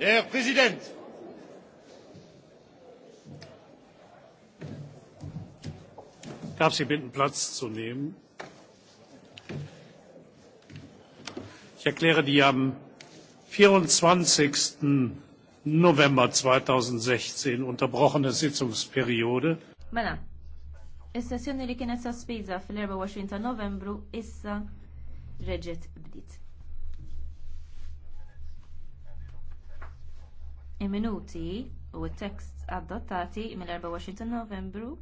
Der Präsident! Darf Sie bitten, Platz zu nehmen? Ich erkläre die am 24. November 2016 unterbrochene Sitzungsperiode. Mela, is-sessjoni li kienet sospiża fil-24 ta' Novembru issa reġgħet bdiet. minuti u t-tekst adottati mill-24 novembru